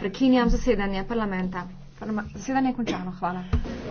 prekinjam zasedanje parlamenta. Zasedanje je končano. Hvala.